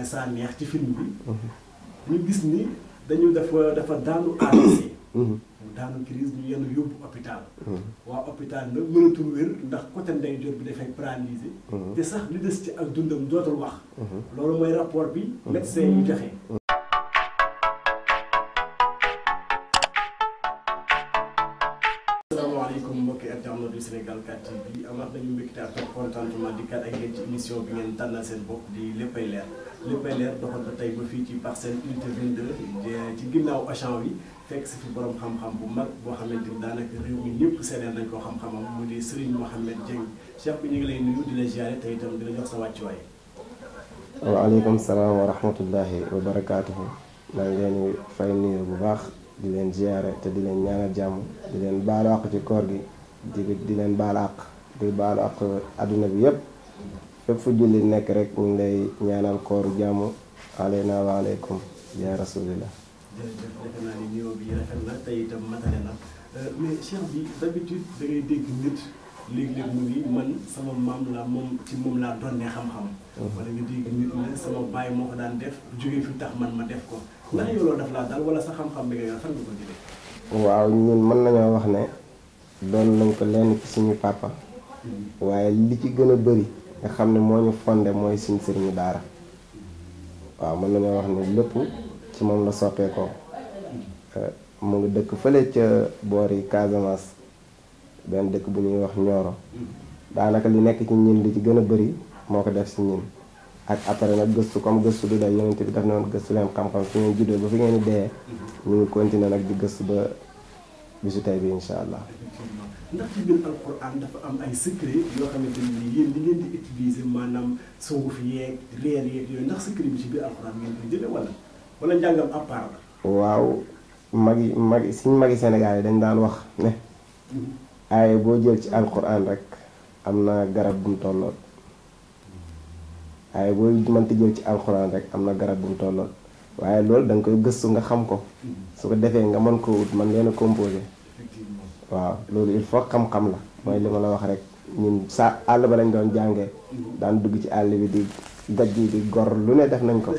sa neex ci film bi. Mhm. ñu gis ni dañu dafa dafa daanu AVC. Mhm. mu daanu crise ñu yenn yóbbu hôpital. Mhm. waa hôpital nag mënatul wér ndax côté ndeyjoor bi dafay paralysé. te sax li des ci ak dundam dootul wax. loolu mooy rapport bi médecin yu joxe. السلام عليكم مكي أرجع من دول السنغال كاتي بي أما أحنا يوم بكتير أتوقع فرطان توما ديكا أجهز إميسيو بين تانا سن بوك دي لبيلر لبيلر ده هو بتاعي بفي تي بارسن إنت فيندر دي تجينا أشاوي فيكس في برام خام خام بومر بوحمد دردانة كريومي نيب كسرة عندنا خام خام مودي سرين محمد جين شاف بيني غلي نيو دي لجيرة تايتام دي لجوك سوا تشوي وعليكم السلام ورحمة الله وبركاته نعم يعني بباخ di leen ziare te di leen ñaanal jàmm di leen baalu àq ci koor gi di di leen baalu àq di baalu àq àdduna bi yépp fépp fu jullit nekk rek ñu ngi lay ñaanal kooru jàmm aleyna wa aleykum ya rasulillah na tey itam matale euh, dégg nit léeg-léeg mu ni man sama maam la moom ci moom laa donnee xam-xam mm-hmm. wala nga dégg nit ne sama baay moo ko daan def jógee fi tax man ma def ko lan yow loolu daf laa waaw ñun mën nañoo wax ne doon nañ ko lenn ci suñu papa mm-hmm. waaye li ci gën a bëri nga xam ne moo ñu fondé mooy suñu sëriñu daara waaw mën nañoo wax ne lépp ci moom la soppeekoo mm-hmm. euh, mu ngi dëkk fële ca boori Casamance benn dëkk bu ñuy wax Nioro mm-hmm. daanaka li nekk ci ñun li ci gën a bari moo ko def si ñun. ak après nak gëstu comme gëstu bi day yonent bi daf ne woon gëstu leen xam-xam fi ngeen juddoo ba fi ngeen dé ñu ngi continuer nak di gëstu ba bisu tay bi inshallah ndax ci bir alquran dafa am ay secret yo xamanteni ni yeen di ngeen di utiliser manam maanaam fi yeeg réel yeeg yooyu ndax secret bi ci bir alquran ngeen ko jëlé wala wala jangam à part waaw magi magi suñu magi Sénégal dañ daan wax né mhm. ay bo jël ci alquran rek amna garab bu tollot waaye booy mënti jël ci alxuraan rek am na garab bu mu tolloon waaye loolu da koy gëstu nga xam ko su ko defee nga mën koo wut man leen a composé waaw loolu il faut xam-xam la mooy li ma la wax rek ñun sa àll ba lañ doon jàngee daan dugg ci àll bi di gaj yi di gor lu ne def nañ ko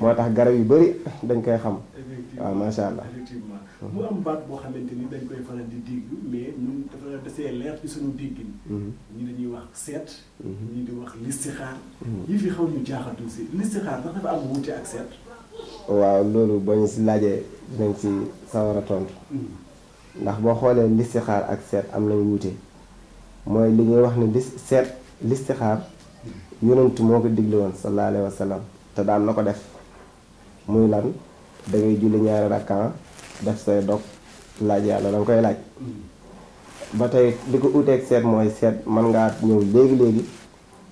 moo tax garab yu bëri dañ koy xam waaw macha allah. mu am baat la dasee leer ci suñu déggin ñi dañuy wax seet ñi di wax listixaar yi fi xaw ñu jaaxatu si listixaar ndax dafa am wuute ak seet waaw loolu boo ñu si laajee dinañ si sawar a tontu ndax boo xoolee listixaar ak seet am nañ wuute mooy li ñuy wax ne li seet listixaar yonent moo ko digle woon sallallahu alayhi wa sallam te daan na ko def muy lan da ngay julli ñaari rakkan def say dog laaj yàlla da nga koy laaj ba tey li ko uuteeg seet mooy seet man ngaa ñëw léegi-léegi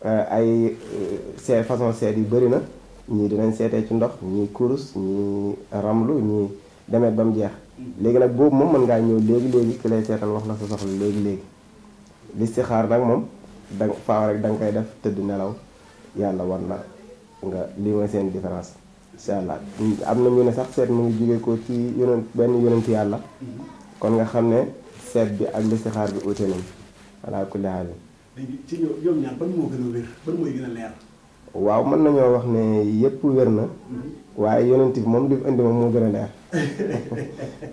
euh, ay euh, seet façon seet yu bëri na ñii dinañ seetee ci ndox ñii kurus ñii ramlu ñii demet ba mu jeex léegi nag boobu moom mën ngaa ñëw léegi-léegi ki lay seetal wax la sa soxla léegi-léegi listixaar nag moom da faaw rek da nga koy def tëdd nelaw yàlla war na nga lii mooy seen différence incha allah am na ñu ne sax seet mu ngi jóge ko ci yonent benn yonent yàlla mm-hmm. kon nga xam ne seet bi ak listixaar bi uute nañ ala kulli haal léegi ci ñoom ñaar ban moo gën a wér ban mooy gën a leer waaw mën nañoo wax ne yëpp wér na waaye yonent bi moom lim indi moom moo gën a leer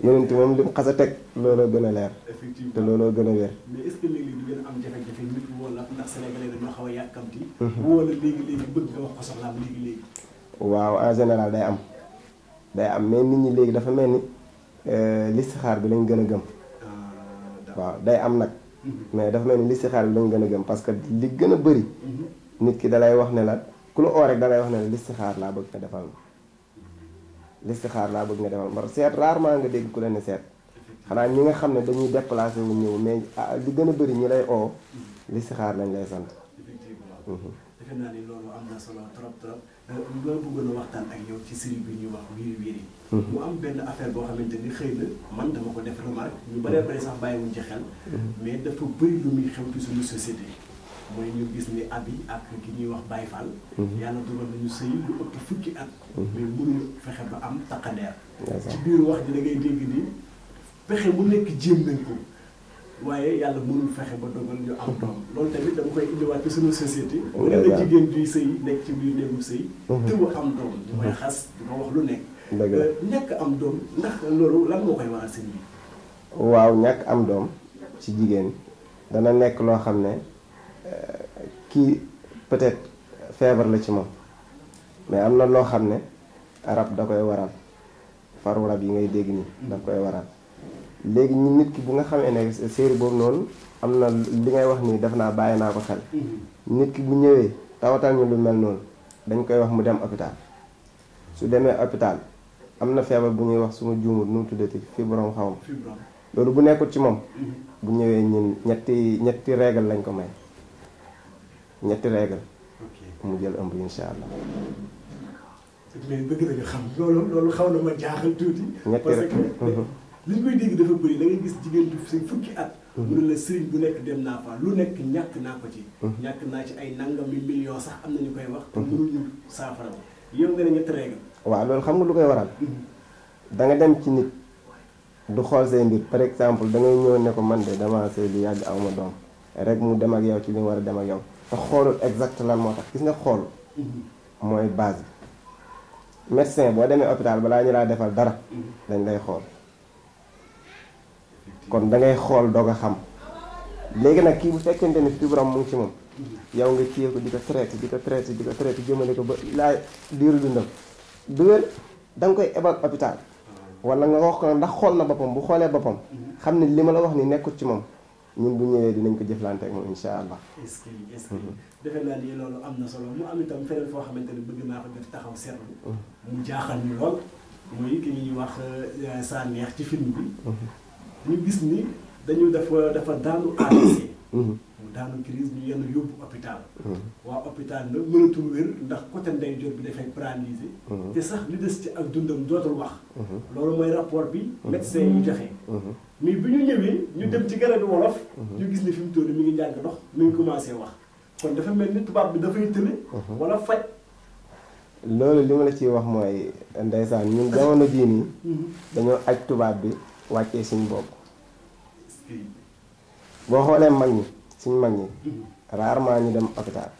yonent bi moom lim xas a teg looloo gën a leer te looloo gën a wér mais est-ce que léegi-léegi du ngeen am jafe-jafe nit wala ndax sénégalais dañoo xaw a yàkkamti wala léegi-léegi bëgg nga wax ko soxlaam léegi-léegi waaw en général day am day am mais nit ñi léegi dafa mel ni listixaar bi lañ gën a gëm waaw day am nag mhm. mais dafa mel ni xaar bi lañ gën a gëm parce que li gën a bëri mhm. nit ki dalay wax ne la ku la oo rek dalay wax ne la listixaar laa bëgg nga defal ma mhm. listixaar laa bëgg nga defal ma seet rarement nga dégg ku leen seet xanaa ñi nga xam ne dañuy déplacé wu ñëw mais ah, li gën a bëri ñu lay oo listixaar lañ lay sant. effectivement defe naa loolu euh, bëggoon a waxtaan ak yow ci série bi ñuy wax wiiri wiiri mhm. mu am benn affaire boo xamante ni xëy na man dama ko def remarque ñu bëree bëri sax bàyyiwuñ ci xel mhm. mais dafa bëri lu muy xew ci suñu société mooy ñu gis ni abi ak ki ñuy wax Baye Fall mhm. yàlla dugal nañu sëy lu ëpp fukki at mais mënuñu fexe ba am taqandeer ci biir wax di da ngay dégg ni pexe mu nekk jéem nañ ko waaye yàlla mënul fexe ba dogal ñu am doom mm-hmm. loolu tamit dama koy indiwaat ci suñu société mm-hmm. mu ne na jigéen di sëy nekk ci biir néegu sëy mm-hmm. tëbu am doom ñu koy xas di ko wax lu nekk euh, ñàkk am doom ndax loolu lan moo koy waral seen bi waaw ñàkk am doom ci jigéen dana nekk loo xam ne euh, kii peut-être feebar la ci moom mais am na loo xam ne rab da koy waral faru rab yi ngay dégg nii da koy waral léegi ñu nit ki bu nga xamee ne série boobu noonu am na li ngay wax nii def naa bàyyi naa ko xel mhm. nit ki bu ñëwee tawatal ñu lu mel noonu dañ koy wax mu dem hôpital su demee hôpital am na feebar bu ñuy wax suma juumul nu mu tuddati fibrome xaw ma loolu bu nekkul ci moom mhm. bu ñëwee ñun ñetti ñetti règle lañ ko may ñetti règle mu jël ëmb insha allah li ñu koy dégg dafa bëri da ngay gis jigéen du si fukki at. Mhm. mu ne la sëriñ bu nekk dem naa fa lu nekk ñàkk naa ko ci. Mhm. ñàkk naa ci ay nangami millions sax am na ñu koy wax. te mhm. mënuñu saafara yow nga ne ñetti règle. waaw loolu xam nga lu koy waral. da nga dem ci nit. du xool say mbir par exemple da ngay ñëw ne ko man de damaa sëy lu yàgg aw ma doom rek mu dem ak yow ci li mu war a dem ak yow te xoolul exact lan moo tax gis nga xool. mooy baas bi. médecin boo demee hôpital balaa ñu laa defal dara. dañ lay xool. kon da ngay xol doga xam legi nak ki bu fekkente ni suñu borom mu ngi ci mom yaw nga ciyee ko di traiter traité traiter ko traiter jëmele ko ba la diru dundam du dang koy ebal hôpital wala nga wax ko ndax xol na bopam bu xolé bopam xamni lima la wax ni nekkut ci mom ñun bu ñëwé dinañ ko jëflanté ak mom inshallah allah est-ce que est-ce solo mu am itam feneen fo xamanteni bëgg na ko def taxaw seetlu mm-hmm. mu jaaxal ñu lool muy ki ñuy wax euh, sa neex ci film bi mm-hmm. ñu gis ni dañu dafa dafa daanu AVC. mu daanu crise ñu yenn yóbbu hôpital. waa hôpital nag mënatul wér ndax côté ndeyjoor bi dafay paralysé. te sax li des ci ak dundam dootul wax. loolu mooy rapport bi. médecin yi joxe. mais bi ñu ñëwee ñu dem ci garabu wolof. ñu gis ne fi mu toll mi ngi jàng dox mi ngi commencé wax kon dafa mel ni tubaab bi dafay tële. wala faj. loolu li ma la ciy wax mooy ndeysaan ñun jamono jii nii. Mhm. dañoo aj tubaab bi. wàccee suñ bopp boo xoolee mag ñi suñ mag ñi rarement ñu dem hôpital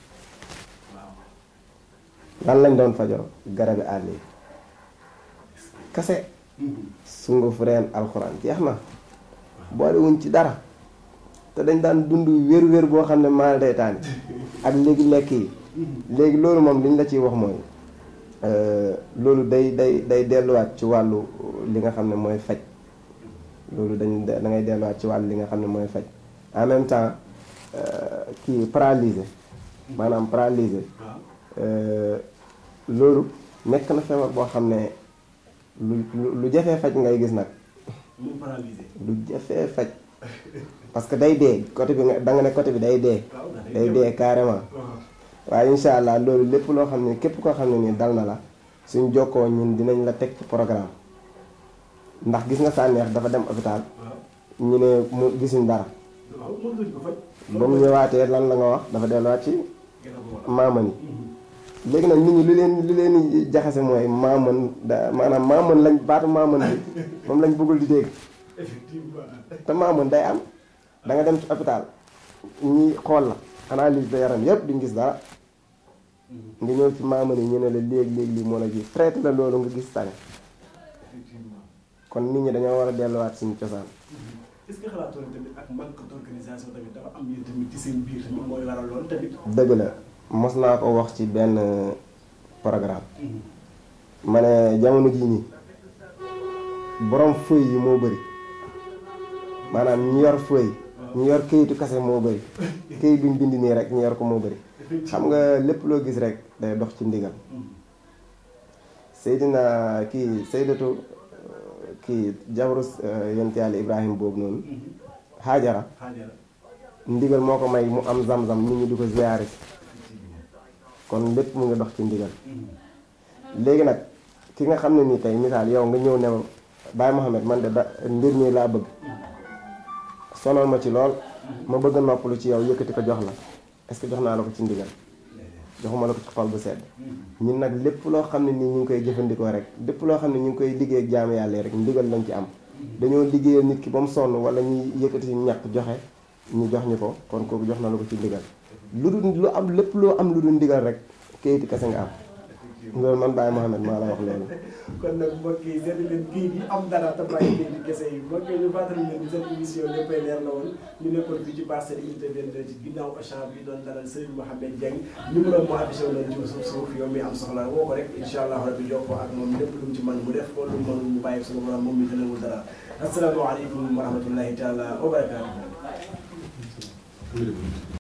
lan lañ doon fajoo garabi àll yi kase sunguf reen alxuraan jeex na boolewuñ ci dara te dañ daan dund wér wér boo xam ne maa day taani ak léegi lekk yi léegi loolu moom liñ la ciy wax mooy euh, loolu day day day delluwaat ci wàllu li nga xam ne mooy faj loolu dañu da ngay delluwaat ci wàll li nga xam ne mooy faj en même temps euh, kii paralysé maanaam paralysé euh, loolu nekk na feebar boo xam ne lu lu jafee faj ngay gis nag lu jafee faj parce que day dee côté bi nga da nga ne côté bi day dee day dee carrément waaye incha allah loolu lépp loo xam ne képp koo xam ne nii dal na la suñ jokkoo ñun dinañ la teg ci programme ndax gis nga sa neex dafa dem hôpital ñu ne mu gisuñ dara ba mu ñëwaatee lan la nga wax dafa delluwaat ci maaman yi léegi nag nit ñi lu leen lu leen jaxase mooy maaman da maanaam maaman lañ baatu maaman bi moom lañ bëggul di dégg te maaman day am da nga dem ci hôpital ñi xool la analyse de yaram yépp duñ gis dara mm-hmm. nga ñëw ci maaman yi ñu ne la léeg-léeg lii moo la gis traité la loolu nga gis sànneex kon nit ñi dañoo war a delluwaat suñu cosaan. est-ce que xalaatoon tamit ak manque d'organisation tamit dafa am yéen tamit ci seen biir moom mooy waral loolu tamit. dëgg la mos naa ko wax ci benn euh, programme. Mm-hmm. ma ne jamono jii ñi borom feuille yi moo bëri maanaam ñu yor ñu yor këyitu kase moo bëri këyit xam nga lépp loo gis rek day dox ci ndigal mm-hmm. sayidina kii kii jabaru eh, yonent yàlla Ibrahima boobu noonu xaajara mm-hmm. ndigal moo ko may mu am zam-zam nit ñi di ko ziyaare kon lépp mu ngi dox ci ndigal mm-hmm. léegi nag ki nga xam ne nii tey misaal yow nga ñëw ne ma Baye Mohamed man de da mbir mi laa bëgg mm-hmm. sonal ma ci lool ma bëgg noppalu ci yow yëkkati ko jox la est-ce jox naa la ko ci ndigal joxuma la ko ci xol bu sedd ñun nag lépp loo xam ne nii ñu ngi koy jëfandikoo rek lépp loo xam ne ñu ngi koy liggéey ak jaamu yàlla rek ndigal lañ ci am dañoo liggéeyal nit ki ba mu sonn wala ñuy yëkkati suñu ñàkk joxe ñu jox ñu ko kon kooku jox na la ko ci ndigal lu dul lu am lépp loo am lu dul ndigal rek kayiti kese nga am loolu man Baye Mohamed maa la wax loolu. kon nag mbokk yi seeti leen kii bi am dara te bàyyi leen di kese yi mbokk yi ñu fàttali leen ni seen émission léppay leer la woon ñu nekkoon fii ci parcelle unité 22 ci ginnaaw Auchan bi doon dalal Serigne Mohamed Dieng numéro moo affiché woon ci suuf suuf yow mi am soxla woo ko rek incha allah rabbi jokkoo ak moom lépp lu mu ci man mu def ko lu mu mën mu bàyyi suñu borom moom mi tënawul dara asalaamaaleykum wa rahmatulahi taala wa